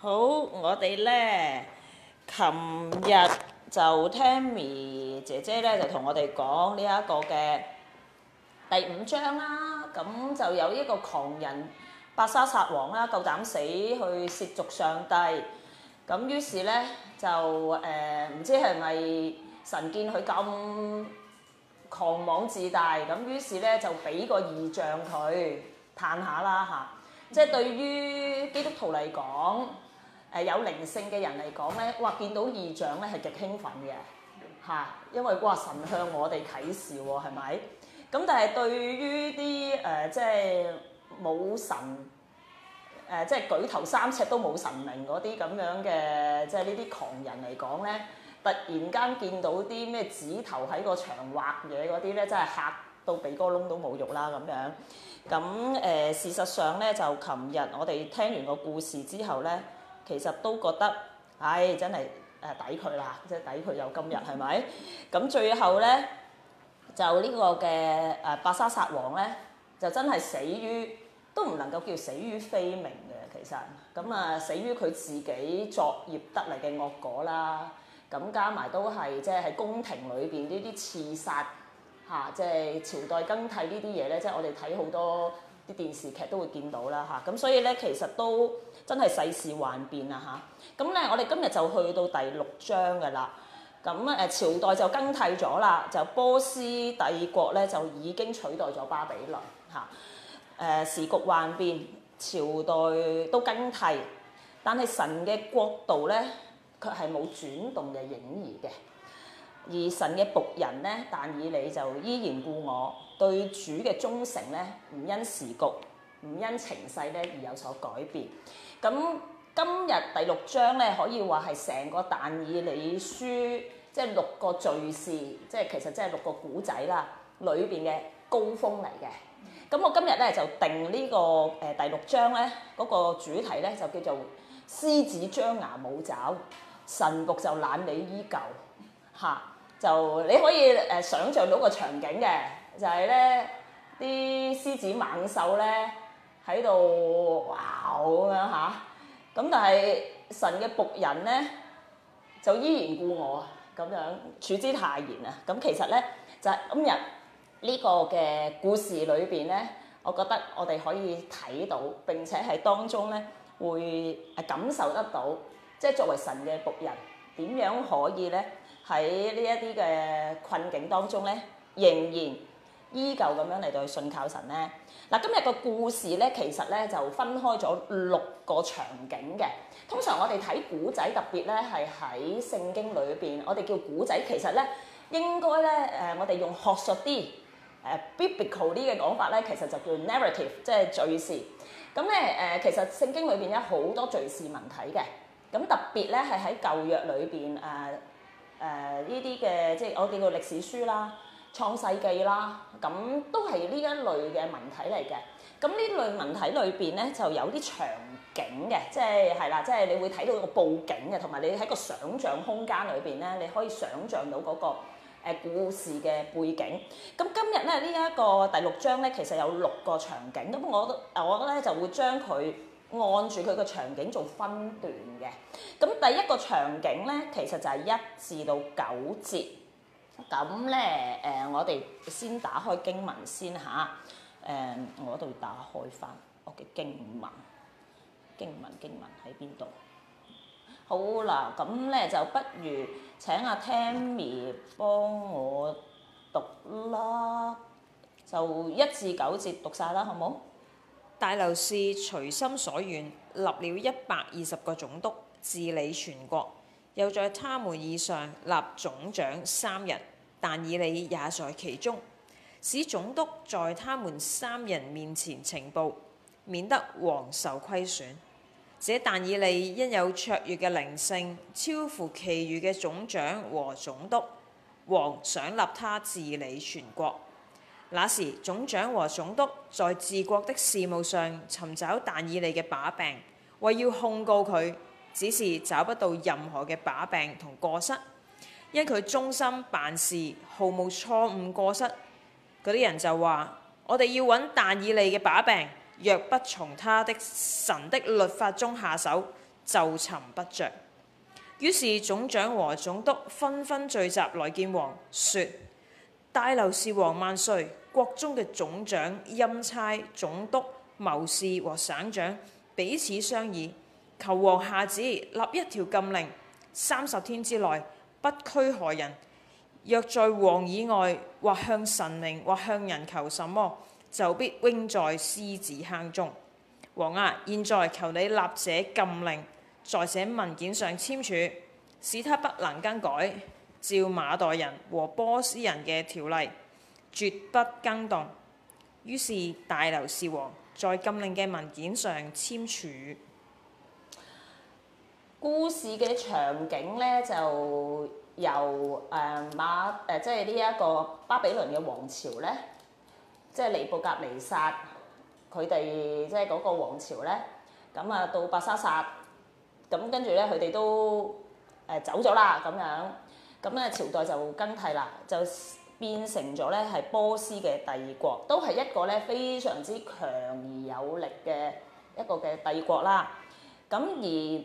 好，我哋咧，琴日就聽咪姐姐咧就同我哋講呢一個嘅第五章啦。咁、嗯、就有一個狂人伯沙撒王啦，夠膽死去褻瀆上帝。咁、嗯、於是咧就誒，唔、呃、知係咪神見佢咁狂妄自大，咁、嗯、於是咧就俾個異象佢嘆下啦吓，嗯、即係對於基督徒嚟講。誒有靈性嘅人嚟講咧，哇！見到異象咧係極興奮嘅嚇、啊，因為哇神向我哋啟示喎、哦，係咪？咁但係對於啲誒、呃、即係冇神誒、呃、即係舉頭三尺都冇神明嗰啲咁樣嘅即係呢啲狂人嚟講咧，突然間見到啲咩指頭喺個牆畫嘢嗰啲咧，真係嚇到鼻哥窿都冇肉啦咁樣。咁誒、呃、事實上咧，就琴日我哋聽完個故事之後咧。其實都覺得，唉、哎，真係誒、呃、抵佢啦，即係抵佢有今日係咪？咁最後咧，就呢個嘅誒、呃、白沙殺王咧，就真係死於都唔能夠叫死於非命嘅，其實咁啊死於佢自己作孽得嚟嘅惡果啦。咁加埋都係即係喺宮廷裏邊呢啲刺殺嚇，即、啊、係、就是、朝代更替呢啲嘢咧，即、就、係、是、我哋睇好多啲電視劇都會見到啦嚇。咁、啊、所以咧，其實都。真係世事幻變啊！嚇咁咧，我哋今日就去到第六章嘅啦。咁、嗯、誒朝代就更替咗啦，就波斯帝國咧就已經取代咗巴比倫嚇。誒、啊呃、時局幻變，朝代都更替，但係神嘅國度咧卻係冇轉動嘅影兒嘅。而神嘅僕人咧，但以理就依然故我對主嘅忠誠咧，唔因時局唔因情勢咧而有所改變。咁今日第六章咧，可以話係成個《但以理書》，即係六個敘事，即係其實即係六個古仔啦，裏邊嘅高峰嚟嘅。咁我今日咧就定呢個誒第六章咧嗰個主題咧就叫做獅子張牙舞爪，神僕就懶理依舊。嚇，就你可以誒想像到個場景嘅，就係咧啲獅子猛獸咧。喺度咬咁樣嚇，咁但係神嘅僕人咧就依然故我咁樣，處之泰然啊！咁其實咧就係今日呢個嘅故事裏邊咧，我覺得我哋可以睇到並且係當中咧會感受得到，即係作為神嘅僕人點樣可以咧喺呢一啲嘅困境當中咧仍然。依舊咁樣嚟到去信靠神咧。嗱，今日個故事咧，其實咧就分開咗六個場景嘅。通常我哋睇古仔，特別咧係喺聖經裏邊，我哋叫古仔，其實咧應該咧誒，我哋用學術啲誒 biblical 呢嘅講法咧，其實就叫 narrative，即係敘事。咁咧誒，其實聖經裏邊有好多敘事文體嘅。咁特別咧係喺舊約裏邊誒誒呢啲嘅，即係我哋叫歷史書啦。創世記啦，咁都係呢一類嘅文體嚟嘅。咁呢類文體裏邊咧，就有啲場景嘅，即係係啦，即係、就是、你會睇到個佈景嘅，同埋你喺個想像空間裏邊咧，你可以想像到嗰個故事嘅背景。咁今日咧呢一、呢個第六章咧，其實有六個場景，咁我都我咧就會將佢按住佢個場景做分段嘅。咁第一個場景咧，其實就係一至到九節。咁咧，誒、呃，我哋先打開經文先嚇。誒、呃，我度打開翻我嘅經文，經文經文喺邊度？好啦，咁咧就不如請阿 Tammy 幫我讀啦，就一至九節讀晒啦，好冇？大流士隨心所願立了一百二十個總督治理全國。又在他們以上立總長三人，但以理也在其中，使總督在他們三人面前呈報，免得王受虧損。這但以理因有卓越嘅靈性，超乎其餘嘅總長和總督，王想立他治理全國。那時總長和總督在治國的事務上尋找但以理嘅把柄，為要控告佢，只是找不到任何嘅把柄同過失，因佢忠心辦事，毫無錯誤過失。嗰啲人就話：我哋要揾但以理嘅把柄，若不從他的神的律法中下手，就尋不着。」於是總長和總督紛紛聚集來見王，説：大流士王萬歲！國中嘅總長、欽差、總督、謀士和省長彼此相議。求王下旨立一條禁令，三十天之內不拘何人。若在王以外或向神靈或向人求什麼，就必扔在獅子坑中。王啊，現在求你立這禁令，在這文件上簽署，使他不能更改。照馬代人和波斯人嘅條例，絕不更動。於是大流士王在禁令嘅文件上簽署。故事嘅場景咧，就由誒、呃、馬誒、呃，即係呢一個巴比倫嘅王朝咧，即係尼布甲尼撒佢哋即係嗰個皇朝咧，咁啊到伯沙撒，咁跟住咧，佢哋都誒走咗啦，咁樣咁咧朝代就更替啦，就變成咗咧係波斯嘅帝國，都係一個咧非常之強而有力嘅一個嘅帝國啦。咁而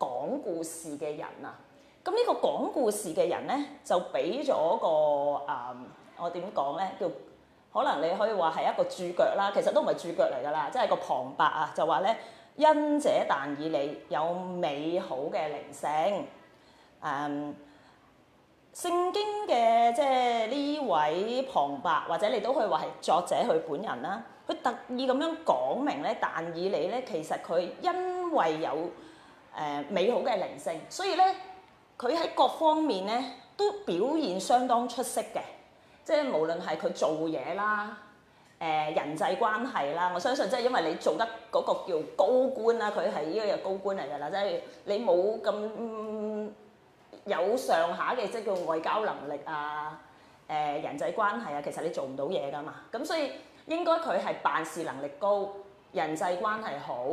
講故事嘅人啊，咁、這、呢個講故事嘅人咧，就俾咗個誒、呃，我點講咧？叫可能你可以話係一個注腳啦，其實都唔係注腳嚟噶啦，即係個旁白啊，就話咧，因者但以理有美好嘅靈性，誒、呃、聖經嘅即係呢位旁白，或者你都可以話係作者佢本人啦，佢特意咁樣講明咧，但以理咧，其實佢因為有。誒美好嘅靈性，所以咧佢喺各方面咧都表現相當出色嘅，即係無論係佢做嘢啦，誒人際關係啦，我相信即係因為你做得嗰個叫高官啦，佢係呢個高官嚟㗎啦，即係你冇咁嗯有上下嘅即係叫外交能力啊，誒人際關係啊，其實你做唔到嘢㗎嘛，咁所以應該佢係辦事能力高，人際關係好。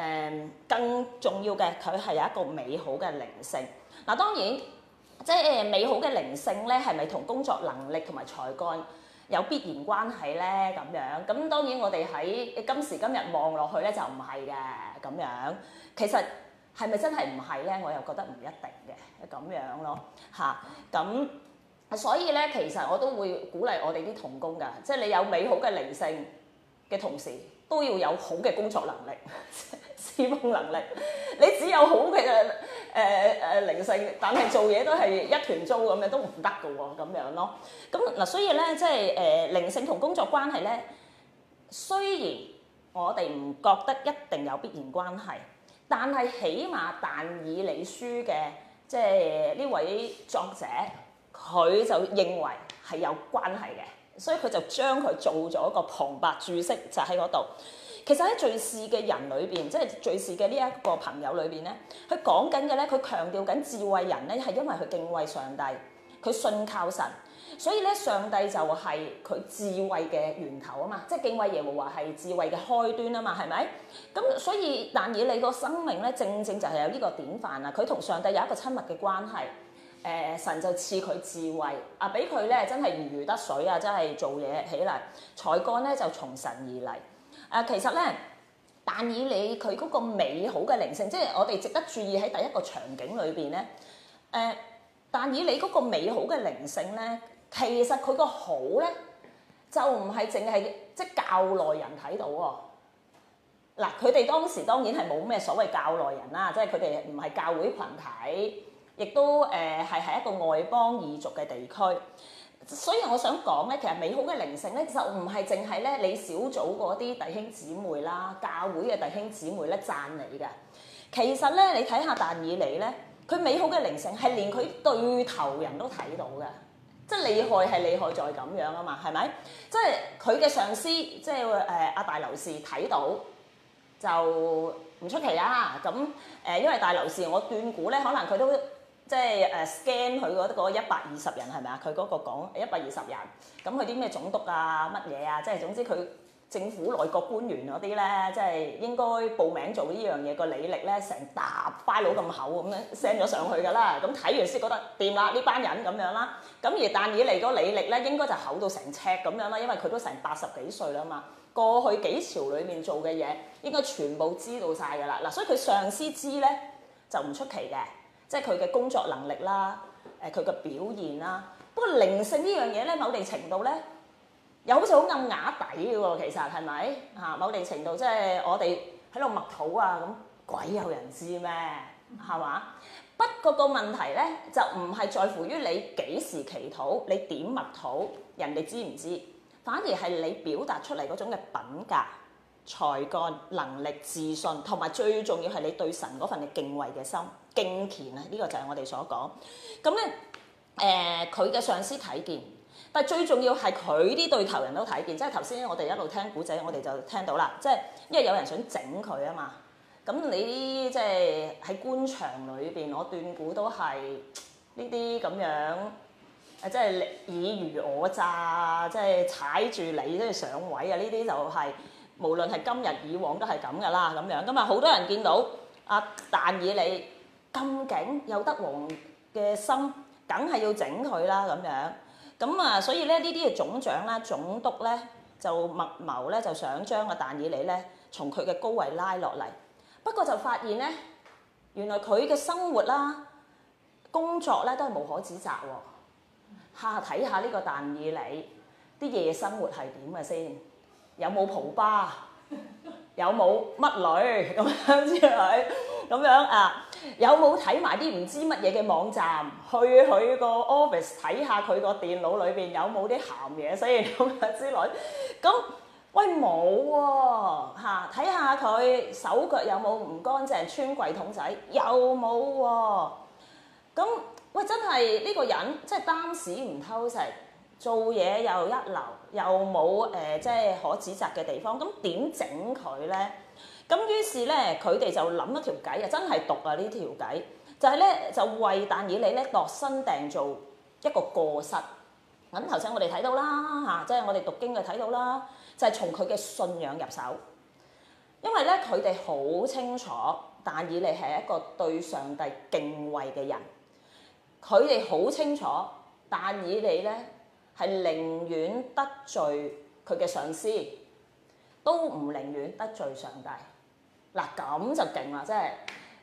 誒，更重要嘅佢係有一個美好嘅靈性。嗱，當然即係美好嘅靈性咧，係咪同工作能力同埋才幹有必然關係咧？咁樣咁當然我哋喺今時今日望落去咧就唔係嘅咁樣。其實係咪真係唔係咧？我又覺得唔一定嘅咁樣咯嚇。咁、啊、所以咧，其實我都會鼓勵我哋啲同工㗎，即係你有美好嘅靈性嘅同時，都要有好嘅工作能力。思風能力，你只有好嘅誒誒靈性，但係做嘢都係一團糟咁樣都唔得㗎喎，咁樣咯。咁嗱，所以咧即係誒靈性同工作關係咧，雖然我哋唔覺得一定有必然關係，但係起碼但以理書嘅即係呢位作者，佢就認為係有關係嘅，所以佢就將佢做咗一個旁白注釋，就喺嗰度。其實喺敘事嘅人裏邊，即係敘事嘅呢一個朋友裏邊咧，佢講緊嘅咧，佢強調緊智慧人咧，係因為佢敬畏上帝，佢信靠神，所以咧上帝就係佢智慧嘅源頭啊嘛，即係敬畏耶和華係智慧嘅開端啊嘛，係咪？咁所以，但以理個生命咧，正正就係有呢個典範啊，佢同上帝有一個親密嘅關係，誒神就賜佢智慧啊，俾佢咧真係如魚得水啊，真係做嘢起嚟，才幹咧就從神而嚟。誒其實咧，但以理佢嗰個美好嘅靈性，即係我哋值得注意喺第一個場景裏邊咧。誒、呃，但以理嗰個美好嘅靈性咧，其實佢個好咧，就唔係淨係即係教內人睇到喎。嗱，佢哋當時當然係冇咩所謂教內人啦，即係佢哋唔係教會群體，亦都誒係係一個外邦異族嘅地區。所以我想講咧，其實美好嘅靈性咧，就唔係淨係咧你小組嗰啲弟兄姊妹啦，教會嘅弟兄姊妹咧贊你嘅。其實咧，你睇下但以理咧，佢美好嘅靈性係連佢對頭人都睇到嘅，即係厲害係厲害在咁樣啊嘛，係咪？即係佢嘅上司，即係誒阿大流士睇到就唔出奇啊。咁誒，因為大流士我斷估咧，可能佢都。即係誒、uh, scan 佢嗰一百二十人係咪啊？佢嗰個講一百二十人，咁佢啲咩總督啊乜嘢啊？即係總之佢政府內閣官員嗰啲咧，即係應該報名做呢樣嘢個履歷咧，成沓 file 咁厚咁樣 send 咗上去㗎啦。咁睇完先覺得掂啦，呢班人咁樣啦。咁而但以理個履歷咧，應該就厚到成尺咁樣啦，因為佢都成八十幾歲啦嘛。過去幾朝裏面做嘅嘢，應該全部知道晒㗎啦。嗱，所以佢上司知咧就唔出奇嘅。即係佢嘅工作能力啦，誒佢嘅表現啦。不過靈性呢樣嘢咧，某啲程度咧，又好似好暗啞底嘅喎。其實係咪嚇？某啲程度即係我哋喺度默禱啊，咁鬼有人知咩？係嘛？不過個問題咧，就唔係在乎於你幾時祈禱，你點默禱，人哋知唔知？反而係你表達出嚟嗰種嘅品格、才幹、能力、自信，同埋最重要係你對神嗰份嘅敬畏嘅心。敬虔啊，呢、這個就係我哋所講。咁、嗯、咧，誒佢嘅上司睇見，但係最重要係佢啲對頭人都睇見。即係頭先我哋一路聽古仔，我哋就聽到啦。即係因為有人想整佢啊嘛。咁你啲，即係喺官場裏邊，我斷估都係呢啲咁樣，誒即係爾虞我詐，即係踩住你都要上位啊！呢啲就係、是、無論係今日以往都係咁噶啦咁樣。咁啊，好多人見到阿但以理。咁勁有得王嘅心，梗係要整佢啦咁樣。咁啊，所以咧呢啲嘅總長啦、總督咧就密謀咧，就想將個但以理咧從佢嘅高位拉落嚟。不過就發現咧，原來佢嘅生活啦、工作咧都係無可指責喎，一下睇下呢個但以理啲夜生活係點嘅先，有冇蒲吧？ 有冇乜女咁樣之類，咁 樣啊？有冇睇埋啲唔知乜嘢嘅網站？去佢個 office 睇下佢個電腦裏邊有冇啲鹹嘢，所以咁樣之類。咁喂，冇喎，睇下佢手腳有冇唔乾淨，穿櫃桶仔有冇、啊、喎。咁喂真係呢、呢個人即係擔屎唔偷食。做嘢又一流，又冇誒即係可指責嘅地方，咁點整佢咧？咁於是咧，佢哋就諗一條計啊！真係毒啊！呢條計就係咧，就為但以理咧度身訂做一個過失。咁頭先我哋睇到啦嚇，即係我哋讀經嘅睇到啦，就係從佢嘅信仰入手，因為咧佢哋好清楚但以理係一個對上帝敬畏嘅人，佢哋好清楚但以理咧。係寧願得罪佢嘅上司，都唔寧願得罪上帝。嗱咁就勁啦，即係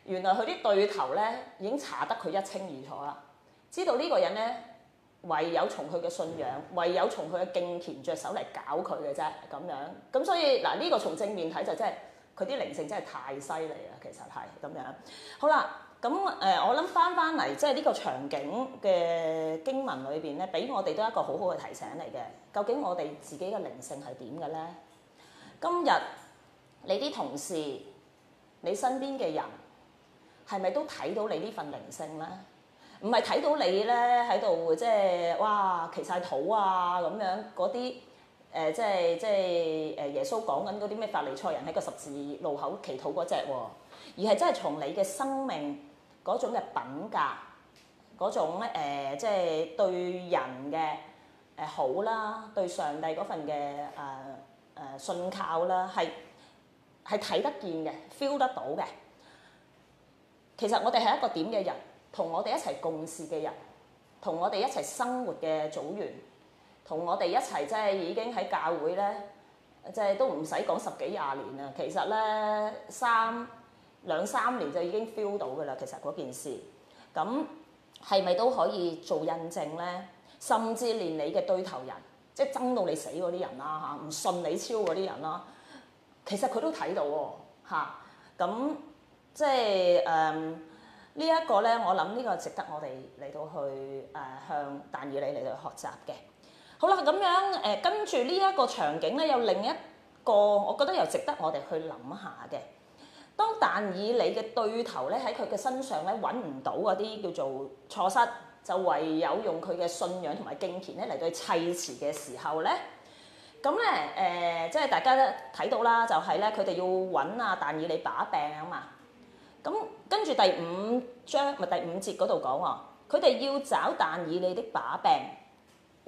原來佢啲對頭咧已經查得佢一清二楚啦，知道呢個人咧唯有從佢嘅信仰，唯有從佢嘅敬虔着手嚟搞佢嘅啫。咁樣咁所以嗱呢個從正面睇就真係佢啲靈性真係太犀利啦。其實係咁樣，好啦。咁誒、嗯，我諗翻翻嚟，即係呢個場景嘅經文裏邊咧，俾我哋都係一個好好嘅提醒嚟嘅。究竟我哋自己嘅靈性係點嘅咧？今日你啲同事、你身邊嘅人，係咪都睇到，到你呢份靈性咧？唔係睇到你咧喺度，即係哇祈晒禱啊咁樣嗰啲誒，即係即係誒耶穌講緊嗰啲咩法利賽人喺個十字路口祈禱嗰隻喎，而係真係從你嘅生命。嗰種嘅品格，嗰種誒，即係對人嘅誒好啦，對上帝嗰份嘅誒誒信靠啦，係係睇得見嘅，feel 得到嘅。其實我哋係一個點嘅人，同我哋一齊共事嘅人，同我哋一齊生活嘅組員，同我哋一齊即係已經喺教會咧，即係都唔使講十幾廿年啦。其實咧三兩三年就已經 feel 到㗎啦，其實嗰件事，咁係咪都可以做印證咧？甚至連你嘅對頭人，即係憎到你死嗰啲人啦嚇，唔信你超嗰啲人啦，其實佢都睇到喎嚇。咁即係誒、嗯這個、呢一個咧，我諗呢個值得我哋嚟到去誒、呃、向但以理嚟到學習嘅。好啦，咁樣誒跟住呢一個場景咧，有另一個，我覺得又值得我哋去諗下嘅。當但以理嘅對頭咧，喺佢嘅身上咧揾唔到嗰啲叫做錯失，就唯有用佢嘅信仰同埋敬虔咧嚟對砌詞嘅時候咧，咁咧誒，即係大家睇到啦，就係咧佢哋要揾啊但以理把柄啊嘛。咁跟住第五章咪，第五節嗰度講喎，佢哋要找但以理的，的把柄，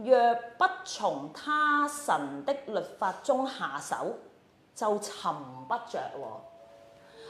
若不從他神的律法中下手，就尋不着喎。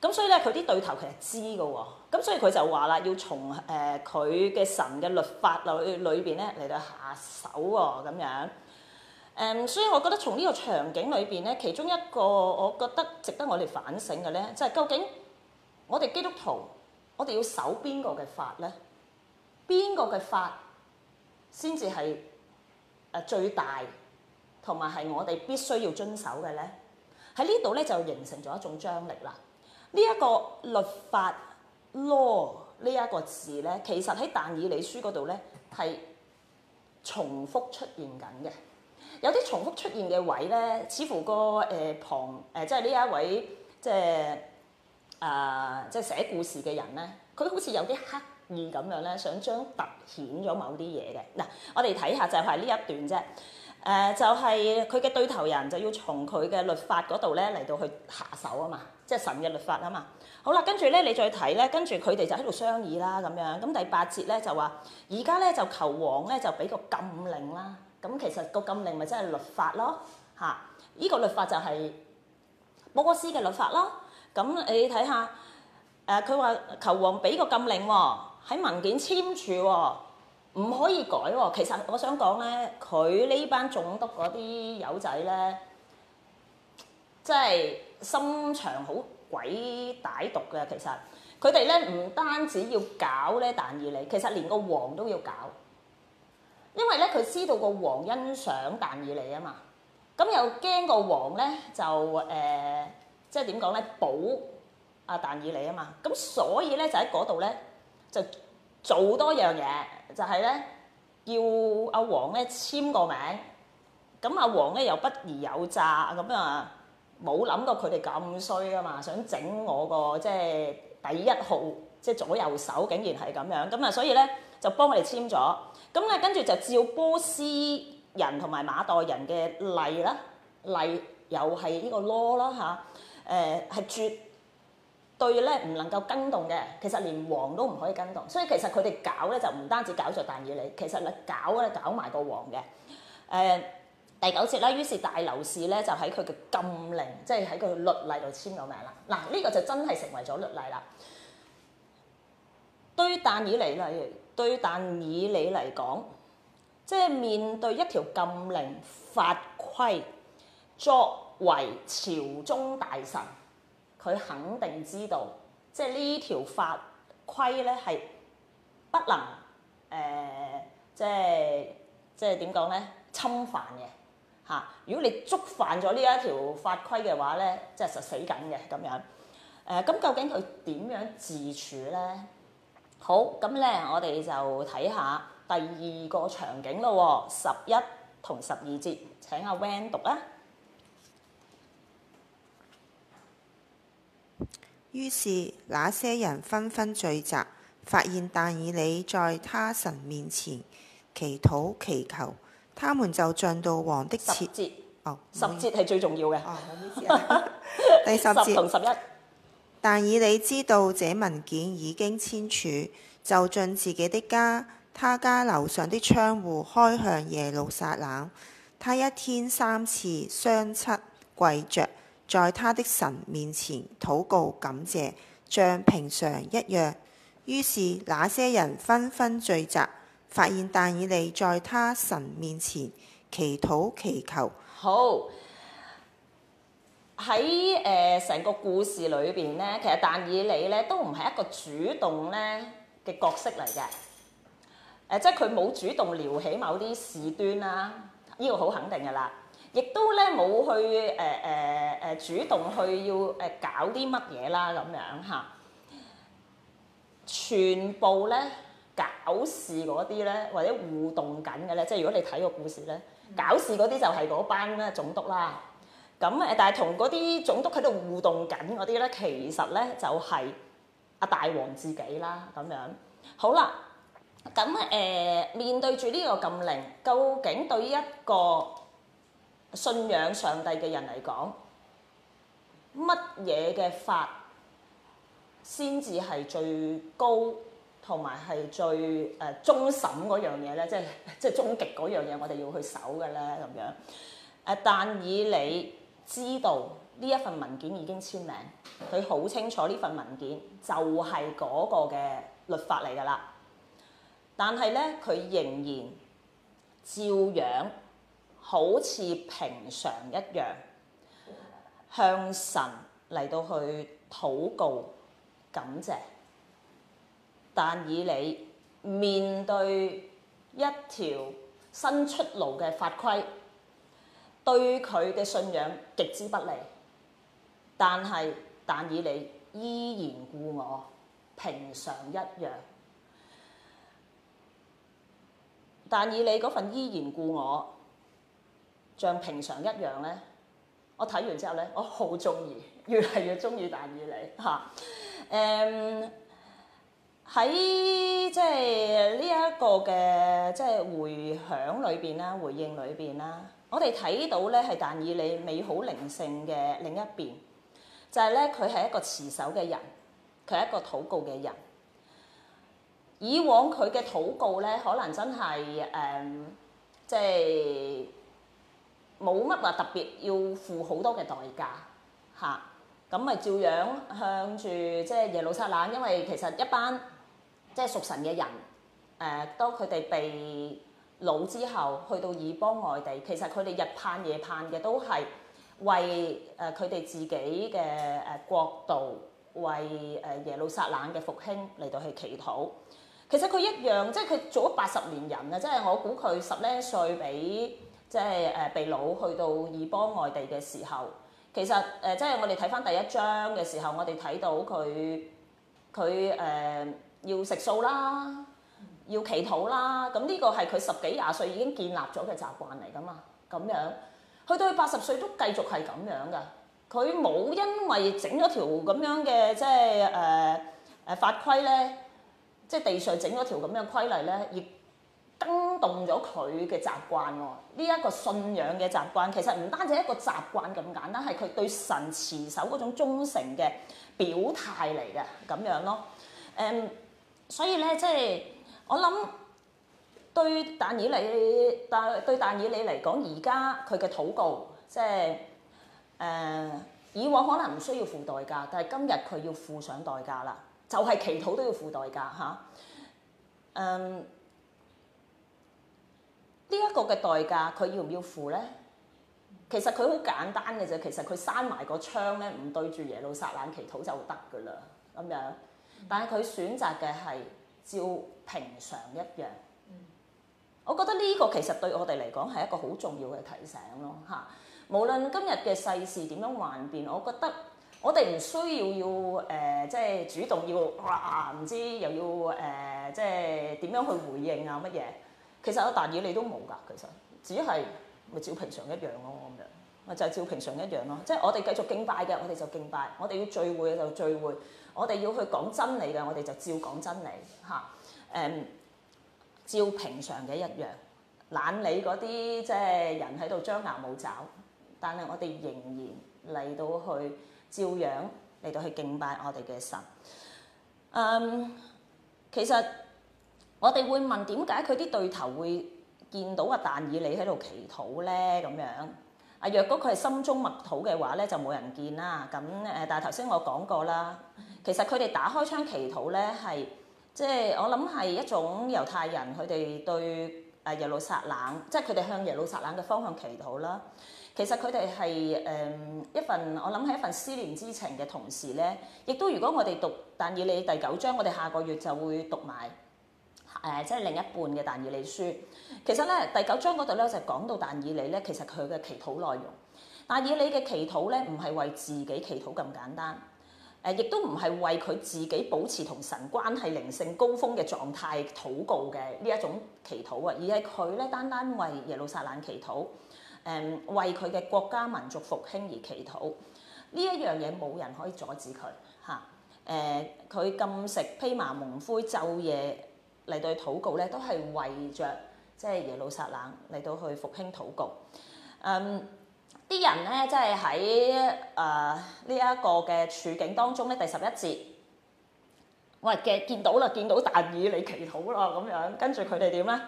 咁所以咧，佢啲對頭其實知噶知㗎喎、哦。咁所以佢就話啦，要從誒佢嘅神嘅律法裏裏邊咧嚟到下手喎、哦，咁樣誒、嗯。所以我覺得從呢個場景裏邊咧，其中一個我覺得值得我哋反省嘅咧，就係、是、究竟我哋基督徒，我哋要守邊個嘅法咧？邊個嘅法先至係誒最大，同埋係我哋必須要遵守嘅咧？喺呢度咧就形成咗一種張力啦。呢一、這個律法 law、這個、呢一個字咧，其實喺但以理書嗰度咧係重複出現緊嘅。有啲重複出現嘅位咧，似乎個誒、呃、旁誒、呃，即係呢一位即係啊，即係寫、呃、故事嘅人咧，佢好似有啲刻意咁樣咧，想將突顯咗某啲嘢嘅。嗱，我哋睇下就係呢一段啫。誒、呃，就係佢嘅對頭人就要從佢嘅律法嗰度咧嚟到去下手啊嘛。即神嘅律法啊嘛，好啦，跟住咧你再睇咧，跟住佢哋就喺度商議啦咁樣。咁第八節咧就話，而家咧就求王咧就俾個禁令啦。咁其實個禁令咪真係律法咯，嚇？依個律法就係波斯嘅律法咯。咁你睇下，誒，佢話求王俾個禁令喎、哦，喺文件簽署喎，唔可以改喎、哦。其實我想講咧，佢呢班總督嗰啲友仔咧，即係。心腸好鬼歹毒嘅，其實佢哋咧唔單止要搞咧但以理，其實連個王都要搞，因為咧佢知道個王欣賞但以理啊嘛，咁又驚個王咧就誒、呃，即係點講咧保阿但以理啊嘛，咁所以咧就喺嗰度咧就做多樣嘢，就係咧要阿王咧簽個名，咁阿王咧又不疑有詐咁啊！冇諗到佢哋咁衰啊嘛，想整我個即係第一號，即係左右手，竟然係咁樣，咁啊，所以咧就幫我哋簽咗，咁咧跟住就照波斯人同埋馬代人嘅例啦，例又係呢個 law 啦嚇，誒、呃、係絕對咧唔能夠跟動嘅，其實連王都唔可以跟動，所以其實佢哋搞咧就唔單止搞咗但以理，其實嚟搞咧搞埋個王嘅，誒、呃。第九節啦，於是大樓市咧就喺佢嘅禁令，即係喺佢律例度簽咗名啦。嗱，呢個就真係成為咗律例啦。對但以理嚟，對但以理嚟講，即係面對一條禁令法規，作為朝中大臣，佢肯定知道，即係呢條法規咧係不能誒、呃，即係即係點講咧侵犯嘅。嚇！如果你觸犯咗呢一條法規嘅話咧，即係實死緊嘅咁樣。誒、呃，咁究竟佢點樣自處咧？好，咁咧我哋就睇下第二個場景咯。十一同十二節，請阿、啊、Van 讀啊。於是那些人紛紛聚集，發現但以理在他神面前祈禱祈求。他們就進到王的切節，節哦，十節係最重要嘅。哦、 第十節節同十,十一。但以你知道，這文件已經簽署，就進自己的家。他家樓上的窗戶開向耶路撒冷。他一天三次雙膝跪着在他的神面前禱告感謝，像平常一樣。於是那些人紛紛聚集。發現但以理在他神面前祈禱祈求。好，喺誒，成個故事裏邊咧，其實但以理咧都唔係一個主動咧嘅角色嚟嘅。誒，即係佢冇主動撩起某啲事端啦，呢個好肯定㗎啦。亦都咧冇去誒誒誒主動去要誒搞啲乜嘢啦咁樣吓，全部咧。搞事嗰啲咧，或者互動緊嘅咧，即係如果你睇個故事咧，搞事嗰啲就係嗰班咧總督啦。咁誒，但係同嗰啲總督喺度互動緊嗰啲咧，其實咧就係阿大王自己啦。咁樣好啦，咁誒、呃、面對住呢個禁令，究竟對於一個信仰上帝嘅人嚟講，乜嘢嘅法先至係最高？同埋係最誒終審嗰樣嘢咧，即係即係終極嗰樣嘢，我哋要去守嘅咧咁樣。誒，但以理知道呢一份文件已經簽名，佢好清楚呢份文件就係嗰個嘅律法嚟㗎喇。但係咧，佢仍然照樣好似平常一樣，向神嚟到去禱告感謝。但以理面對一條新出爐嘅法規，對佢嘅信仰極之不利。但係，但以理依然故我平常一樣。但以理嗰份依然故我，像平常一樣咧，我睇完之後咧，我好鍾意，越嚟越鍾意。但以理嚇，誒。嗯喺即係呢一個嘅即係迴響裏邊啦，回應裏邊啦，我哋睇到咧係但以理美好靈性嘅另一邊，就係咧佢係一個持守嘅人，佢係一個禱告嘅人。以往佢嘅禱告咧，可能真係誒，即係冇乜話特別要付好多嘅代價嚇，咁咪照樣向住即係耶路撒冷，因為其實一班。即係屬神嘅人，誒、呃，當佢哋被擄之後，去到異邦外地，其實佢哋日盼夜盼嘅都係為誒佢哋自己嘅誒國度，為誒耶路撒冷嘅復興嚟到去祈禱。其實佢一樣，即係佢做咗八十年人啊！即係我估佢十零歲俾即係誒、呃、被擄去到異邦外地嘅時候，其實誒、呃、即係我哋睇返第一章嘅時候，我哋睇到佢佢誒。要食素啦，要祈禱啦，咁呢個係佢十幾廿歲已經建立咗嘅習慣嚟噶嘛？咁樣去到佢八十歲都繼續係咁樣噶，佢冇因為整咗條咁樣嘅即係誒誒法規咧，即係地上整咗條咁樣嘅規例咧，而更動咗佢嘅習慣喎。呢、這、一個信仰嘅習慣其實唔單止一個習慣咁簡單，係佢對神持守嗰種忠誠嘅表態嚟嘅咁樣咯，誒、嗯。所以咧，即、就、係、是、我諗對但以理，但對但以理嚟講，而家佢嘅禱告，即係誒以往可能唔需要付代價，但係今日佢要付上代價啦，就係、是、祈禱都要付代價嚇、啊。嗯，呢、這、一個嘅代價，佢要唔要付咧？其實佢好簡單嘅啫，其實佢閂埋個窗咧，唔對住耶路撒冷祈禱就得噶啦，咁樣。但係佢選擇嘅係照、呃呃呃照，就是、照平常一樣，我覺得呢個其實對我哋嚟講係一個好重要嘅提醒咯嚇。無論今日嘅世事點樣幻變，我覺得我哋唔需要要誒，即係主動要啊，唔知又要誒，即係點樣去回應啊乜嘢？其實但以理你都冇㗎，其實只係咪照平常一樣咯咁樣，咪就係照平常一樣咯。即係我哋繼續敬拜嘅，我哋就敬拜；我哋要聚會嘅就聚會。我哋要去講真理嘅，我哋就照講真理，嚇誒、嗯，照平常嘅一樣，懶理嗰啲即係人喺度張牙舞爪，但係我哋仍然嚟到去照樣嚟到去敬拜我哋嘅神。誒、嗯，其實我哋會問點解佢啲對頭會見到阿但以理喺度祈禱咧？咁樣。啊，若果佢係心中默禱嘅話咧，就冇人見啦。咁誒，但係頭先我講過啦，其實佢哋打開窗祈禱咧，係即係我諗係一種猶太人佢哋對誒耶路撒冷，即係佢哋向耶路撒冷嘅方向祈禱啦。其實佢哋係誒一份我諗係一份思念之情嘅同時咧，亦都如果我哋讀但以理第九章，我哋下個月就會讀埋。誒，即係另一半嘅但以理書，其實咧第九章嗰度咧就講到但以理咧，其實佢嘅祈禱內容。但以理嘅祈禱咧，唔係為自己祈禱咁簡單，誒，亦都唔係為佢自己保持同神關係靈性高峰嘅狀態禱告嘅呢一種祈禱啊，而係佢咧單單為耶路撒冷祈禱，誒，為佢嘅國家民族復興而祈禱。呢一樣嘢冇人可以阻止佢嚇，誒，佢、啊、禁食披麻蒙灰，晝夜。嚟到去禱告咧，都係為著即係耶路撒冷嚟到去復興禱告。嗯，啲人咧即係喺誒呢一個嘅處境當中咧，第十一節，喂嘅見到啦，見到但以理祈禱啦，咁樣跟住佢哋點咧？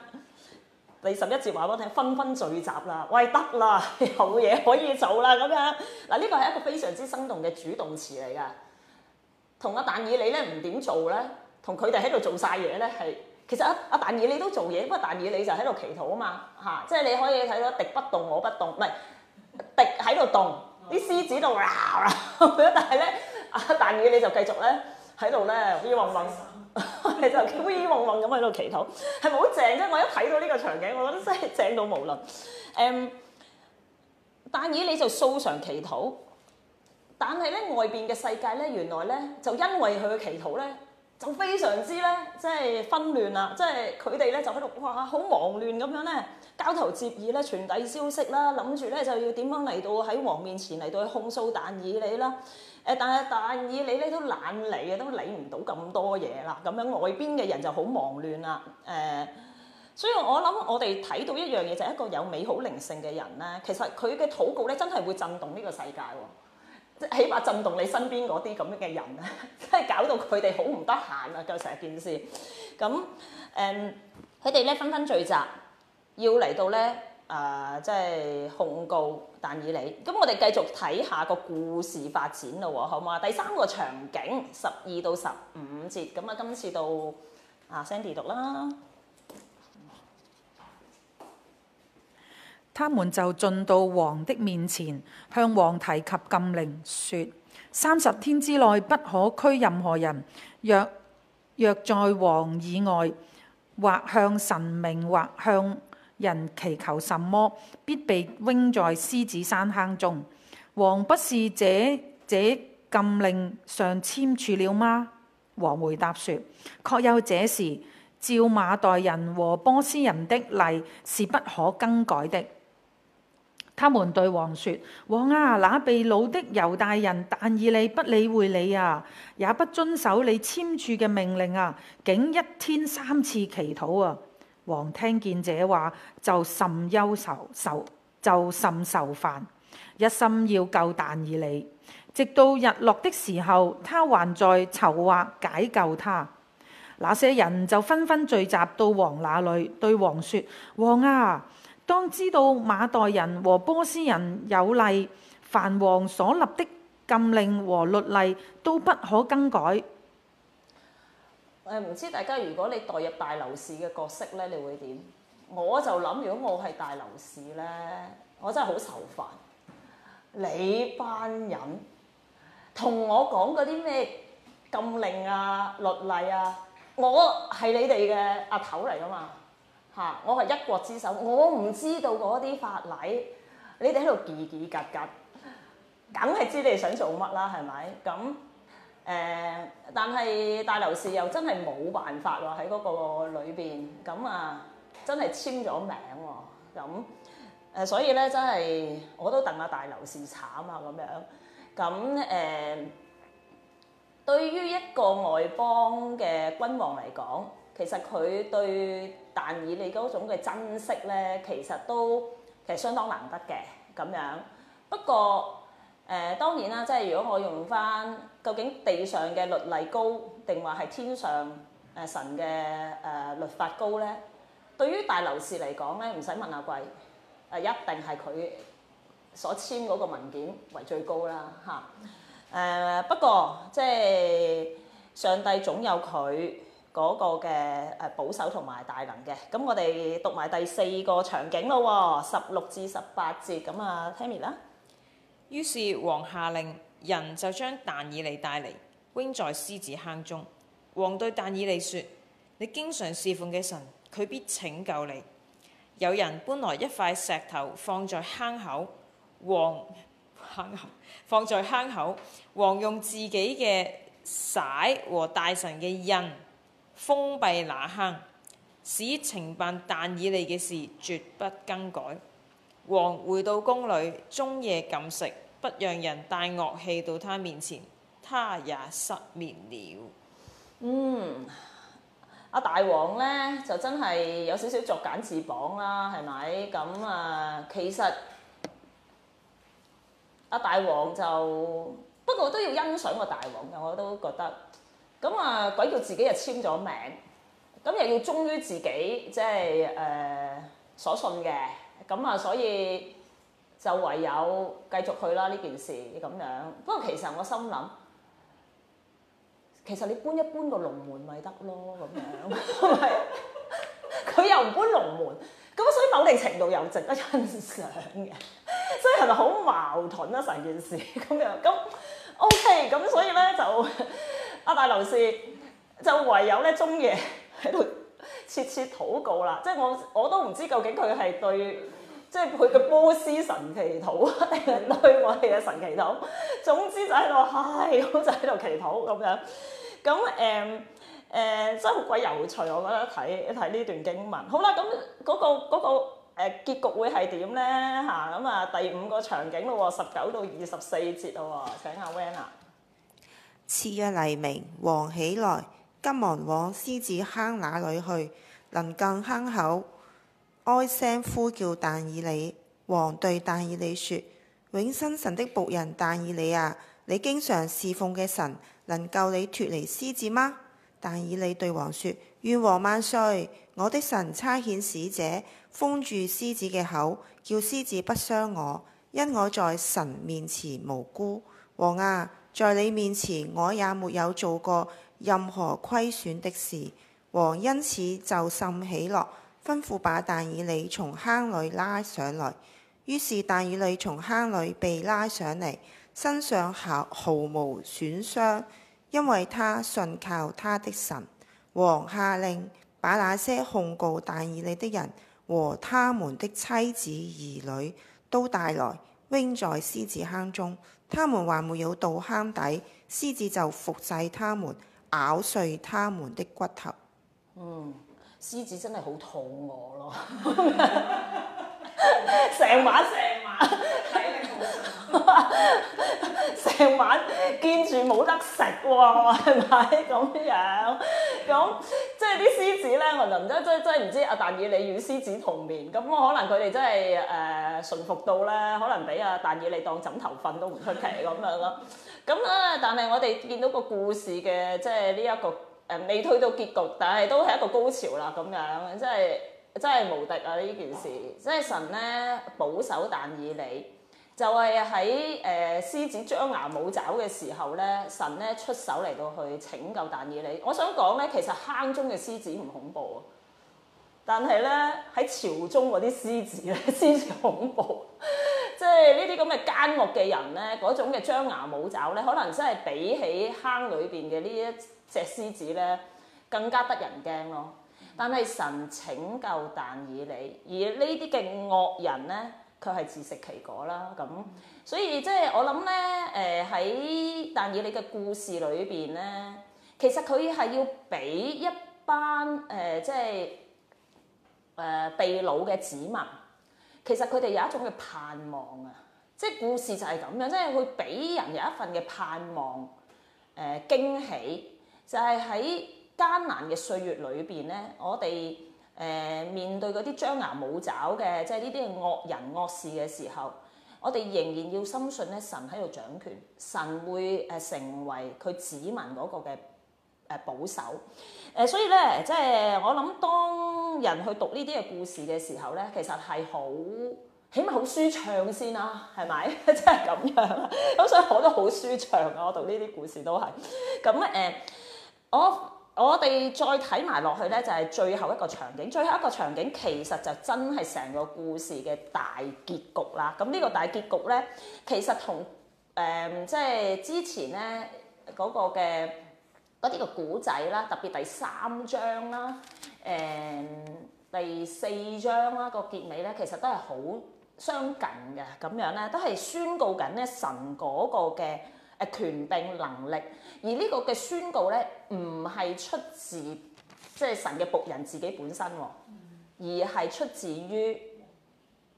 第十一節話俾我聽，紛紛聚集啦，喂得啦，有嘢可以做啦，咁樣嗱呢個係一個非常之生動嘅主動詞嚟噶，同阿但以理咧唔點做咧，同佢哋喺度做曬嘢咧係。其實阿、啊、阿、啊、但以理都做嘢，不過但以理就喺度祈禱啊嘛，嚇、啊！即係你可以睇到敵不動我不動，唔係敵喺度動，啲獅子度，但係咧阿但以理就繼續咧喺度咧，嗡嗡，你就嗡嗡咁喺度祈禱，係咪好正啫？我一睇到呢個場景，我覺得真係正到無論、啊。誒、啊啊啊啊啊，但以理就素常祈禱，但係咧外邊嘅世界咧，原來咧就因為佢嘅祈禱咧。就非常之咧，即係紛亂啦，即係佢哋咧就喺度哇，好忙亂咁樣咧，交頭接耳咧，傳遞消息啦，諗住咧就要點樣嚟到喺王面前嚟到去控訴但以理啦。誒，但係但以理咧都懶理，啊，都理唔到咁多嘢啦。咁樣外邊嘅人就好忙亂啦。誒、呃，所以我諗我哋睇到一樣嘢就係一個有美好靈性嘅人咧，其實佢嘅禱告咧真係會震動呢個世界喎。即起碼震動你身邊嗰啲咁樣嘅人啊，即 係搞到佢哋好唔得閒啊，就成件事咁。咁誒，佢哋咧紛紛聚集，要嚟到咧誒、呃，即係控告但以理。咁我哋繼續睇下個故事發展咯，好嘛？第三個場景，十二到十五節。咁啊，今次到阿、啊、Sandy 讀啦。他們就進到王的面前，向王提及禁令，說：三十天之內不可拘任何人，若若在王以外或向神明或向人祈求什麼，必被扔在獅子山坑中。王不是這這禁令上簽署了嗎？王回答說：確有這事。照馬代人和波斯人的例，是不可更改的。他們對王說：王啊，那被擄的猶大人但以理，不理會你啊，也不遵守你簽署嘅命令啊，竟一天三次祈禱啊！王聽見這話，就甚憂愁愁,愁，就甚愁煩，一心要救但以理。直到日落的時候，他還在籌劃解救他。那些人就紛紛聚集到王那裏，對王說：王啊！當知道瑪代人和波斯人有例，凡王所立的禁令和律例都不可更改。誒，唔知大家如果你代入大流士嘅角色咧，你會點？我就諗，如果我係大流士咧，我真係好愁煩。你班人同我講嗰啲咩禁令啊、律例啊，我係你哋嘅阿頭嚟噶嘛？嚇！我係一國之首，我唔知道嗰啲法例，你哋喺度嘰嘰格格，梗係知你想做乜啦，係咪？咁誒，但係大利烏又真係冇辦法喎，喺嗰個裏邊，咁啊真係簽咗名喎，咁誒，所以咧真係我都戥阿大利烏慘啊咁樣，咁誒，對於一個外邦嘅君王嚟講，其實佢對但以理嗰種嘅珍惜咧，其實都其實相當難得嘅咁樣。不過誒、呃，當然啦，即係如果我用翻，究竟地上嘅律例高，定話係天上誒、呃、神嘅誒、呃、律法高咧？對於大利烏嚟講咧，唔使問阿貴，誒、呃、一定係佢所簽嗰個文件為最高啦，嚇。誒、呃、不過即係上帝總有佢。嗰個嘅誒保守同埋大能嘅咁，我哋讀埋第四個場景咯喎、哦，十六至十八節咁啊，Tammy 啦。於是王下令，人就將但以理帶嚟，扔在獅子坑中。王對但以理説：你經常侍奉嘅神，佢必拯救你。有人搬來一塊石頭放在坑口，王坑放在坑口，王用自己嘅璽和大神嘅印。封閉那坑，使懲辦但以理嘅事絕不更改。王回到宮裏，終夜禁食，不讓人帶樂器到他面前，他也失眠了。嗯，阿、啊、大王呢，就真係有少少作繭自縛啦，係咪？咁、嗯、啊，其實阿、啊、大王就不過都要欣賞我大王嘅，我都覺得。咁啊，鬼叫自己又簽咗名，咁又要忠於自己，即係誒、呃、所信嘅咁啊，所以就唯有繼續去啦呢件事咁樣。不過其實我心諗，其實你搬一搬個龍門咪得咯咁樣，係佢 又唔搬龍門，咁所以某定程度又值得欣賞嘅，所以係咪好矛盾啊？成件事咁樣咁。O K，咁所以咧就。 啊，大流士就唯有咧中夜喺度切切禱告啦，即係我我都唔知究竟佢係對，即係佢嘅波斯神祈禱， 對我哋嘅神祈禱。總之就喺度，唉，係就喺度祈禱咁樣。咁誒誒真係好鬼有趣，我覺得睇睇呢段經文。好啦，咁嗰個嗰個結局會係點咧吓？咁啊第五個場景咯喎，十九到二十四節咯喎，請阿 Wanna 次日黎明，王起來，急忙往獅子坑那裏去。臨近坑口，哀聲呼叫但以理。王對但以理說：永生神的僕人但以理啊，你經常侍奉嘅神能救你脫離獅子嗎？但以理對王說：願王萬歲！我的神差遣使者封住獅子嘅口，叫獅子不傷我，因我在神面前無辜。王啊！在你面前，我也沒有做過任何虧損的事。王因此就甚喜樂，吩咐把但以理從坑裏拉上來。於是但以理從坑裏被拉上嚟，身上毫毫無損傷，因為他信靠他的神。王下令把那些控告但以理的人和他們的妻子兒女都帶來，扔在獅子坑中。他們還沒有到坑底，獅子就伏曬他們，咬碎他們的骨頭。嗯，獅子真係好肚餓咯，成 晚成晚肯定肚餓，成晚見住冇得食喎，係咪咁樣咁？啲獅子咧，我諗都真真唔知阿但以理與獅子同眠，咁我可能佢哋真係誒順服到咧，可能俾阿但以理當枕頭瞓都唔出奇咁樣咯。咁啊，但係我哋見到個故事嘅即係呢一個誒、呃、未推到結局，但係都係一個高潮啦咁樣，即係真係無敵啊！呢件事即係神咧保守但以理。就係喺誒獅子張牙舞爪嘅時候咧，神咧出手嚟到去拯救但以理。我想講咧，其實坑中嘅獅子唔恐怖啊，但係咧喺朝中嗰啲獅子咧先至恐怖，即係呢啲咁嘅奸惡嘅人咧，嗰種嘅張牙舞爪咧，可能真係比起坑裏邊嘅呢一隻獅子咧更加得人驚咯。但係神拯救但以理，而呢啲嘅惡人咧。佢係自食其果啦，咁所以即係我諗咧，誒喺但以理嘅故事裏邊咧，其實佢係要俾一班誒、呃、即係誒被擄嘅子民，其實佢哋有一種嘅盼望啊！即係故事就係咁樣，即係佢俾人有一份嘅盼望誒驚喜，就係喺艱難嘅歲月裏邊咧，我哋。誒面對嗰啲張牙舞爪嘅，即係呢啲惡人惡事嘅時候，我哋仍然要深信咧，神喺度掌權，神會誒成為佢子民嗰個嘅誒保守。誒、呃、所以咧，即係我諗當人去讀呢啲嘅故事嘅時候咧，其實係好起碼好舒暢先啦、啊，係咪？即係咁樣，咁 所以我都好舒暢啊！我讀呢啲故事都係咁誒，我。我哋再睇埋落去咧，就係、是、最後一個場景。最後一個場景其實就真係成個故事嘅大結局啦。咁呢個大結局咧，其實同誒即係之前咧嗰、那個嘅嗰啲嘅古仔啦，特別第三章啦、誒、呃、第四章啦、那個結尾咧，其實都係好相近嘅。咁樣咧，都係宣告緊咧神嗰個嘅。誒權柄能力，而呢個嘅宣告咧，唔係出自即係神嘅僕人自己本身、哦，嗯、而係出自於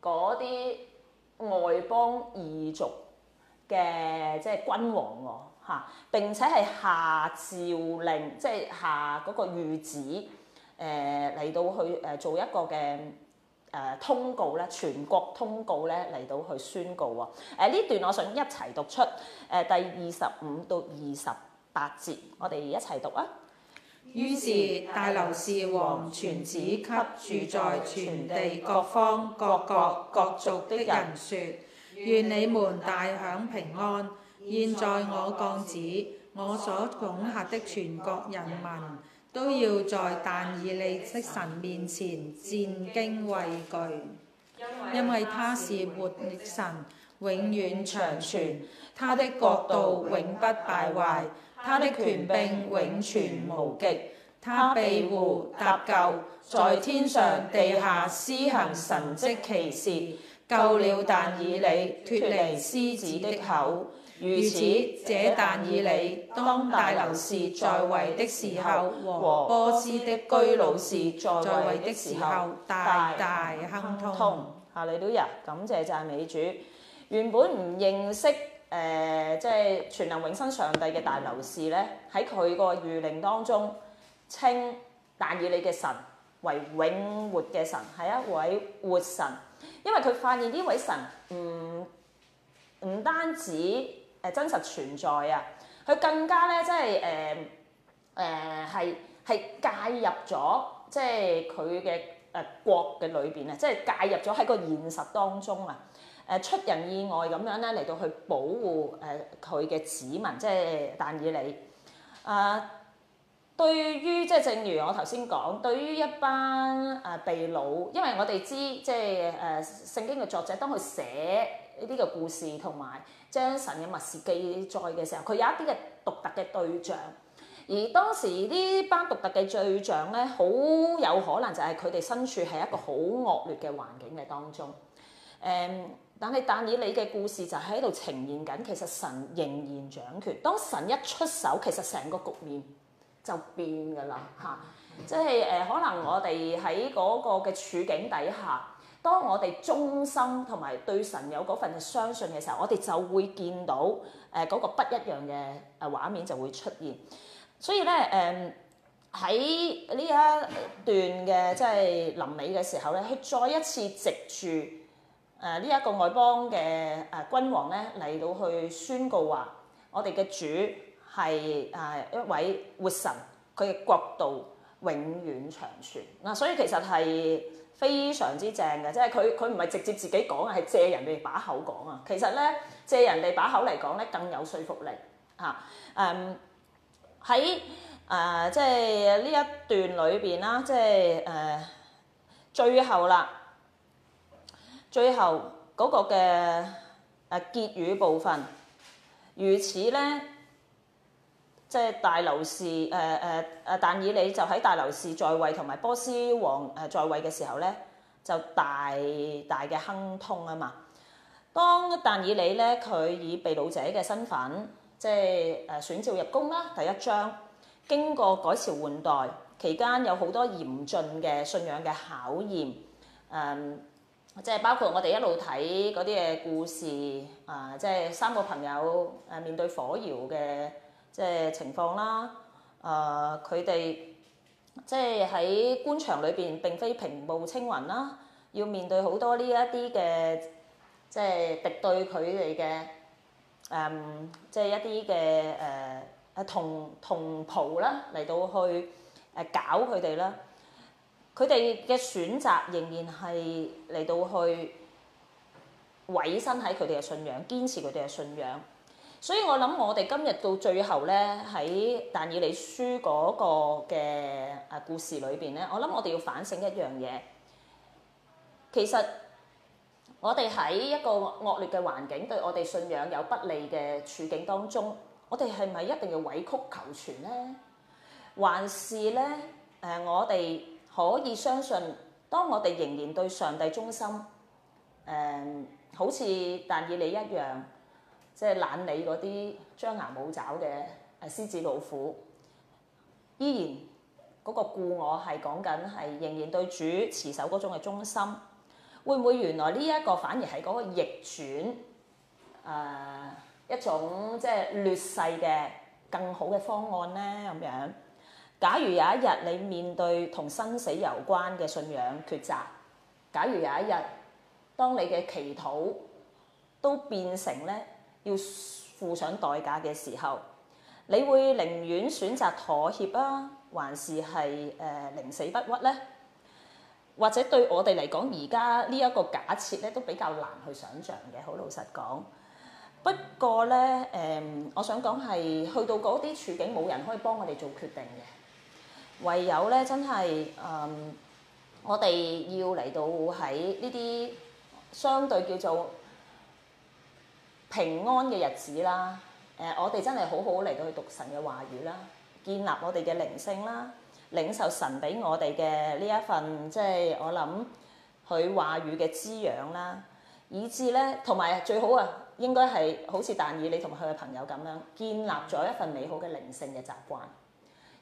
嗰啲外邦異族嘅即係君王喎、哦啊、並且係下詔令，即係下嗰個御旨，誒、呃、嚟到去誒、呃、做一個嘅。誒通告咧，全國通告咧嚟到去宣告喎。呢、呃、段我想一齊讀出。誒、呃、第二十五到二十八節，我哋一齊讀啊。於是大流士王傳旨給住在全地各方各國各，各族的人說：願你們大享平安。願 現在我降旨，我所統下的全國人民。都要在但以理的神面前戰兢畏懼，因為他是活神，永遠長存，他的國度永不敗壞，他的權柄永存無極，他庇護搭救，在天上地下施行神蹟奇事，救了但以理，脫離獅子的口。如此，這但以理當大流士在位的時候，和波斯的居魯士在位的時候，大大亨通，通。哈，你都入，感謝讚美主。原本唔認識，誒、呃，即係全能永生上帝嘅大流士咧，喺佢個諭令當中，稱但以理嘅神為永活嘅神，係一位活神，因為佢發現呢位神唔唔單止。誒真實存在啊！佢更加咧，即係誒誒係係介入咗，即係佢嘅誒國嘅裏邊啊！即係介入咗喺個現實當中啊！誒出人意外咁樣咧，嚟到去保護誒佢嘅子民，即係但以理啊！對於即係正如我頭先講，對於一班誒被擄，因為我哋知即係誒聖經嘅作者當佢寫。呢啲嘅故事同埋將神嘅默示記載嘅時候，佢有一啲嘅獨特嘅對象。而當時呢班獨特嘅對象咧，好有可能就係佢哋身處喺一個好惡劣嘅環境嘅當中。誒、嗯，但係但以理嘅故事就喺度呈現緊，其實神仍然掌權，當神一出手，其實成個局面就變噶啦吓，即係誒、呃、可能我哋喺嗰個嘅處境底下。當我哋忠心同埋對神有嗰份相信嘅時候，我哋就會見到誒嗰、呃嗰個不一樣嘅誒畫面就會出現。所以咧誒喺呢、嗯、一段嘅即係臨尾嘅時候咧，佢再一次藉住誒呢一個外邦嘅誒、呃、君王咧嚟到去宣告話：我哋嘅主係啊、呃、一位活神，佢嘅國度永遠長存。嗱、呃，所以其實係。非常之正嘅，即係佢佢唔係直接自己講啊，係借人哋把口講啊。其實咧，借人哋把口嚟講咧，更有說服力嚇，啊。嗯，喺誒即係呢一段裏邊啦，即係誒最後啦，最後嗰個嘅誒結語部分，如此咧。即係大流士，誒誒誒，但以理就喺大流士在位同埋波斯王誒在位嘅時候咧，就大大嘅亨通啊嘛。當但以理咧，佢以被擄者嘅身份，即係誒選召入宮啦。第一章經過改朝換代期間，有好多嚴峻嘅信仰嘅考驗，誒、嗯、即係包括我哋一路睇嗰啲嘅故事啊，即係三個朋友誒面對火窯嘅。即係情況啦，誒佢哋即係喺官場裏邊並非平步青雲啦，要面對好多呢一啲嘅即係敵對佢哋嘅誒，即係、嗯、一啲嘅誒啊同同袍啦嚟到去誒搞佢哋啦，佢哋嘅選擇仍然係嚟到去委身喺佢哋嘅信仰，堅持佢哋嘅信仰。所以我諗，我哋今日到最後咧，喺但以理書嗰個嘅誒故事裏邊咧，我諗我哋要反省一樣嘢。其實我哋喺一個惡劣嘅環境對我哋信仰有不利嘅處境當中，我哋係咪一定要委曲求全咧？還是咧？誒，我哋可以相信，當我哋仍然對上帝忠心，誒，好似但以理一樣。即係懶理嗰啲張牙舞爪嘅誒獅子老虎，依然嗰個故我係講緊係仍然對主持守嗰種嘅忠心，會唔會原來呢一個反而係嗰個逆轉誒、呃、一種即係劣勢嘅更好嘅方案咧？咁樣，假如有一日你面對同生死有關嘅信仰抉擇，假如有一日當你嘅祈禱都變成咧，要付上代價嘅時候，你會寧願選擇妥協啊，還是係誒寧死不屈咧？或者對我哋嚟講，而家呢一個假設咧，都比較難去想像嘅。好老實講，不過咧，誒、呃，我想講係去到嗰啲處境，冇人可以幫我哋做決定嘅，唯有咧，真係誒、呃，我哋要嚟到喺呢啲相對叫做。平安嘅日子啦，誒，我哋真係好好嚟到去讀神嘅話語啦，建立我哋嘅靈性啦，領受神俾我哋嘅呢一份，即係我諗佢話語嘅滋養啦，以至咧，同埋最好啊，應該係好似但以理同佢嘅朋友咁樣建立咗一份美好嘅靈性嘅習慣，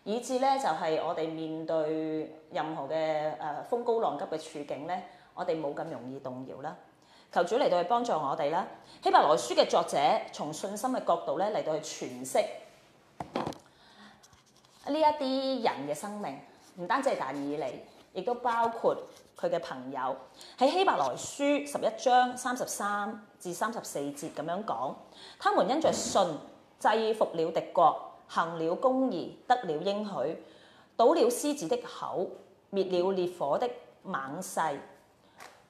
以至咧就係我哋面對任何嘅誒風高浪急嘅處境咧，我哋冇咁容易動搖啦。求主嚟到去幫助我哋啦！希伯來書嘅作者從信心嘅角度咧嚟到去詮釋呢一啲人嘅生命，唔單止係但以理，亦都包括佢嘅朋友。喺希伯來書十一章三十三至三十四節咁樣講，他們因着信制服了敵國，行了公義，得了應許，堵了獅子的口，滅了烈火的猛勢。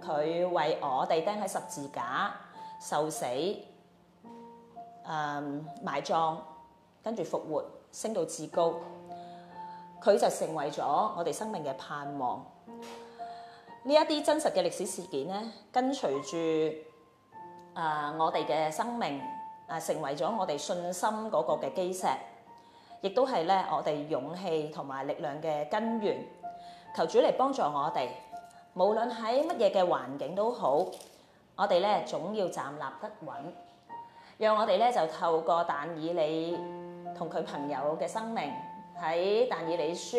佢為我哋釘喺十字架受死，誒、嗯、埋葬，跟住復活，升到至高，佢就成為咗我哋生命嘅盼望。呢一啲真實嘅歷史事件咧，跟隨住誒、呃、我哋嘅生命，誒、呃、成為咗我哋信心嗰個嘅基石，亦都係咧我哋勇氣同埋力量嘅根源。求主嚟幫助我哋。無論喺乜嘢嘅環境都好，我哋咧總要站立得穩。讓我哋咧就透過但以理同佢朋友嘅生命，喺但以理書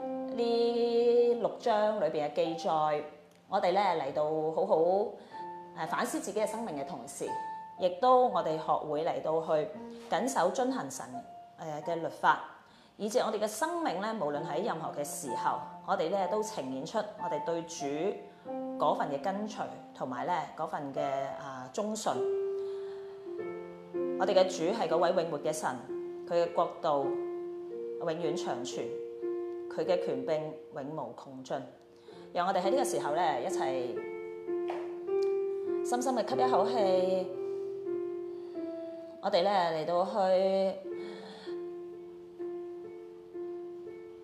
呢六章裏邊嘅記載，我哋咧嚟到好好誒反思自己嘅生命嘅同時，亦都我哋學會嚟到去謹守遵行神誒嘅律法。以至我哋嘅生命咧，無論喺任何嘅時候，我哋咧都呈現出我哋對主嗰份嘅跟隨，同埋咧嗰份嘅啊、呃、忠信。我哋嘅主係嗰位永活嘅神，佢嘅國度永遠長存，佢嘅權柄永無窮盡。讓我哋喺呢個時候咧，一齊深深嘅吸一口氣，我哋咧嚟到去。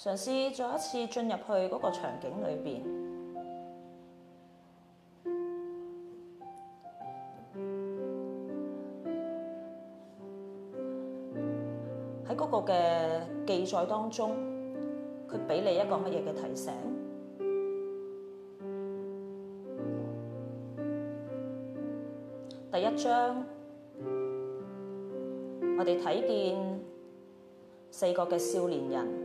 嘗試再一次進入去嗰個場景裏面，喺嗰個嘅記載當中，佢俾你一個乜嘢嘅提醒？第一章，我哋睇見四個嘅少年人。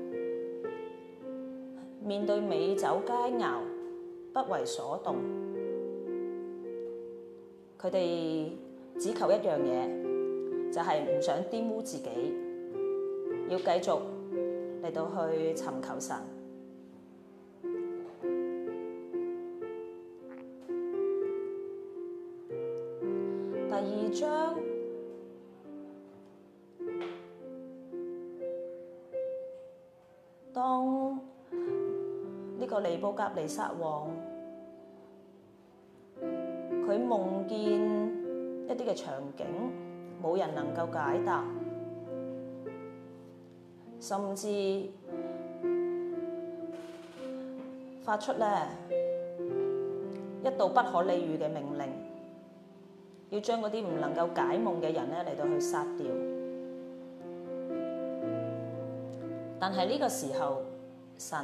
面對美酒佳餚，不為所動。佢哋只求一樣嘢，就係唔想玷污自己，要繼續嚟到去尋求神。尼布甲尼撒王，佢夢見一啲嘅場景，冇人能夠解答，甚至發出咧一道不可理喻嘅命令，要將嗰啲唔能夠解夢嘅人咧嚟到去殺掉。但係呢個時候，神。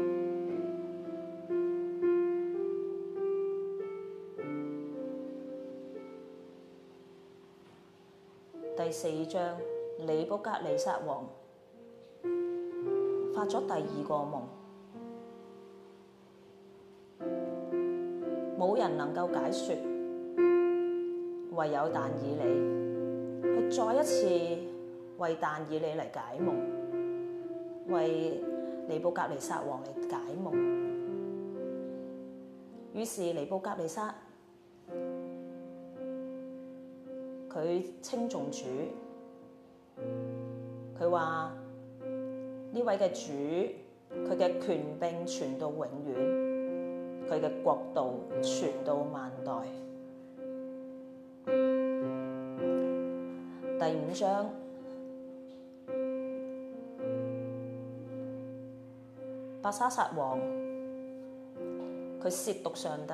這張尼布甲尼撒王發咗第二個夢，冇人能夠解說，唯有但以理，佢再一次為但以理嚟解夢，為尼布甲尼撒王嚟解夢。於是尼布甲尼撒。佢稱重主，佢話呢位嘅主，佢嘅權柄傳到永遠，佢嘅國度傳到萬代。第五章，伯沙撒王，佢褻瀆上帝。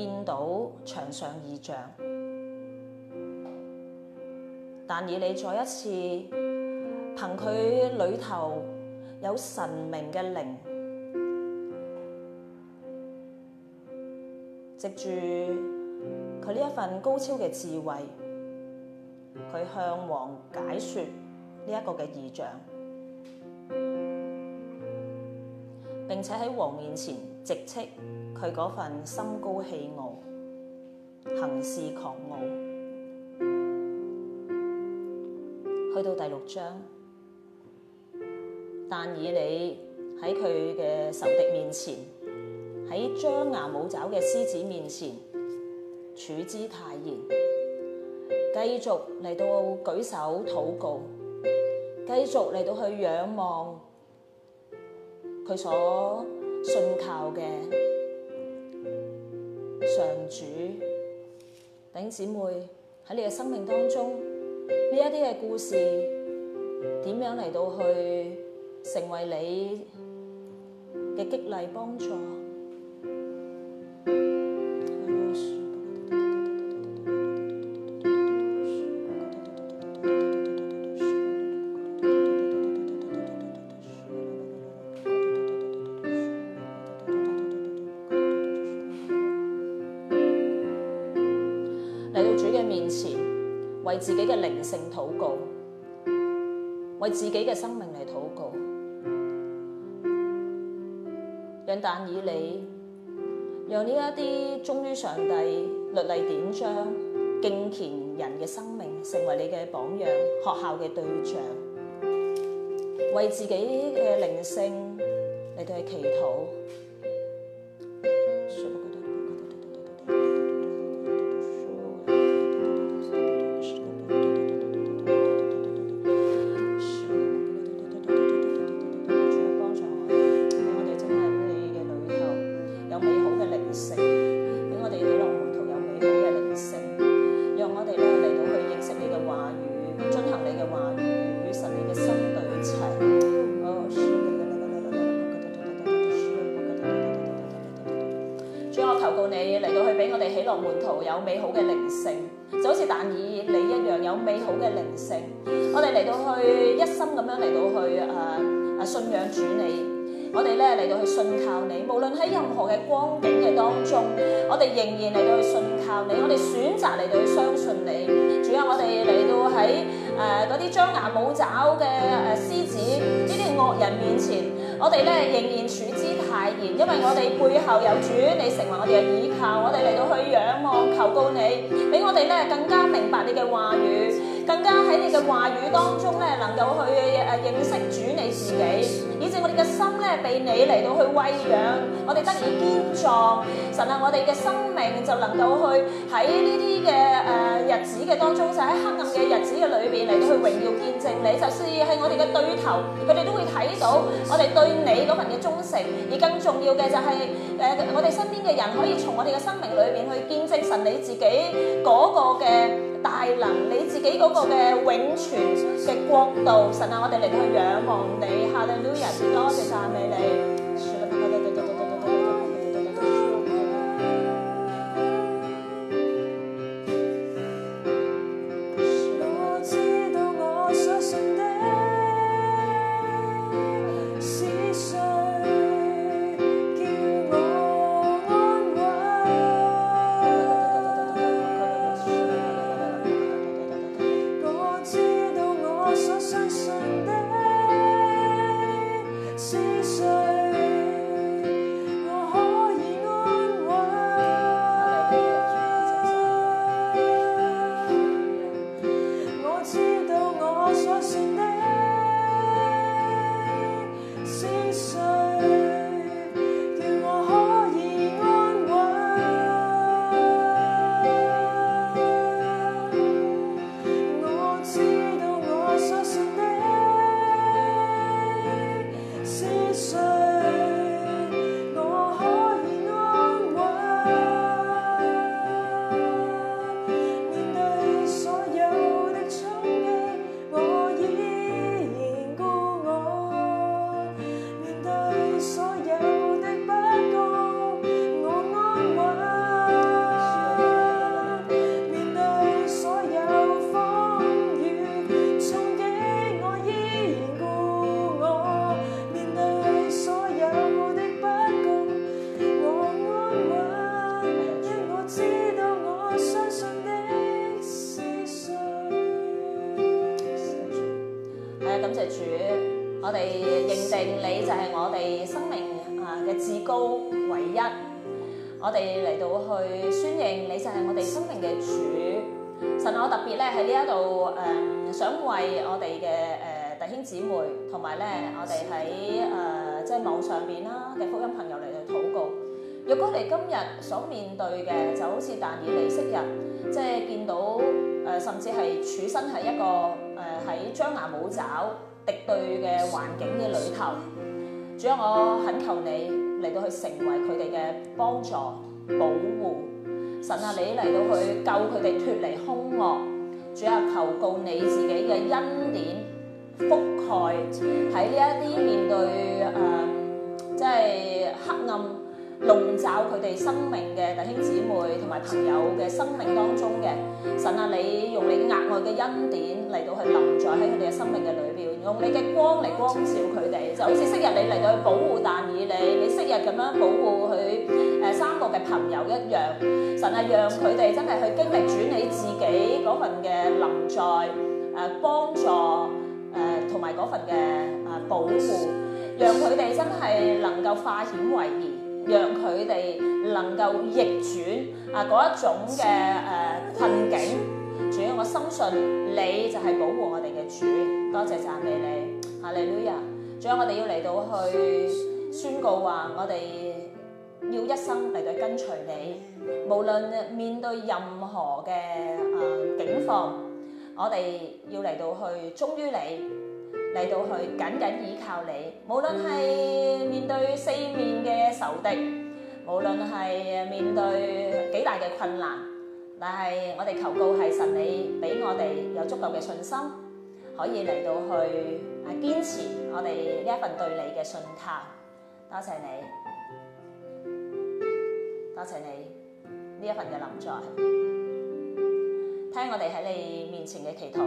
見到牆上異象，但以理再一次憑佢裏頭有神明嘅靈，藉住佢呢一份高超嘅智慧，佢向王解説呢一個嘅異象，並且喺王面前直斥。佢嗰份心高氣傲，行事狂傲，去到第六章，但以理喺佢嘅仇敵面前，喺張牙舞爪嘅獅子面前處之泰然，繼續嚟到舉手禱告，繼續嚟到去仰望佢所信靠嘅。上主，頂姊妹喺你嘅生命當中，呢一啲嘅故事，點樣嚟到去成為你嘅激勵幫助？聖禱告，為自己嘅生命嚟禱告，讓但以理，讓呢一啲忠於上帝、律例典章、敬虔人嘅生命，成為你嘅榜樣、學效嘅對象，為自己嘅靈性嚟到去祈禱。嘅靈性，我哋嚟到去一心咁樣嚟到去誒誒、啊，信仰主你，我哋咧嚟到去信靠你，無論喺任何嘅光景嘅當中，我哋仍然嚟到去信靠你，我哋選擇嚟到去相信你，仲有，我哋嚟到喺誒嗰啲張牙舞爪嘅誒、啊、獅子呢啲惡人面前，我哋咧仍然處之泰然，因為我哋背後有主你成為我哋嘅倚靠，我哋嚟到去仰望求告你，俾我哋咧更加明白你嘅話語。更加喺你嘅話語當中咧，能夠去誒、啊、認識主你自己，以致我哋嘅心咧被你嚟到去喂養，我哋得以堅壯。神啊，我哋嘅生命就能夠去喺呢啲嘅誒日子嘅當中，就喺、是、黑暗嘅日子嘅裏邊嚟到去榮耀見證你。就算、是、係我哋嘅對頭，佢哋都會睇到我哋對你嗰份嘅忠誠。而更重要嘅就係、是、誒、呃，我哋身邊嘅人可以從我哋嘅生命裏邊去見證神你自己嗰個嘅。大能，你自己嗰個嘅永存嘅國度，神啊，我哋嚟到去仰望你，哈利路亞！多謝讚美你。 今日所面對嘅就好似但以理昔日，即係見到誒、呃、甚至係處身喺一個誒、喺、呃、張牙舞爪敵對嘅環境嘅裏頭。主要我懇求你嚟到去成為佢哋嘅幫助保護。神啊，你嚟到去救佢哋脫離兇惡，主要求告你自己嘅恩典覆蓋，喺呢一啲面對誒、呃、即係黑暗籠罩佢哋生命嘅弟兄姊妹同埋朋友嘅生命當中嘅神啊，你用你嘅額外嘅恩典嚟到去臨在喺佢哋嘅生命嘅裏邊，用你嘅光嚟光照佢哋，就好似昔日你嚟到去保護但以理，你昔日咁樣保護佢誒三個嘅朋友一樣，神啊，讓佢哋真係去經歷主你自己嗰份嘅臨在誒幫助誒同埋嗰份嘅誒保護，讓佢哋真係能夠化險為夷。讓佢哋能夠逆轉啊嗰一種嘅誒困境，主，我深信你就係保護我哋嘅主，多謝讚美你，哈利路亞！仲有我哋要嚟到去宣告話，我哋要一生嚟到跟隨你，無論面對任何嘅啊境況，我哋要嚟到去忠於你。嚟到去，緊緊依靠你。無論係面對四面嘅仇敵，無論係面對幾大嘅困難，但係我哋求告係神，你俾我哋有足夠嘅信心，可以嚟到去啊堅持我哋呢一份對你嘅信靠。多謝你，多謝你呢一份嘅臨在，聽我哋喺你面前嘅祈禱，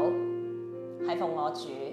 係奉我主。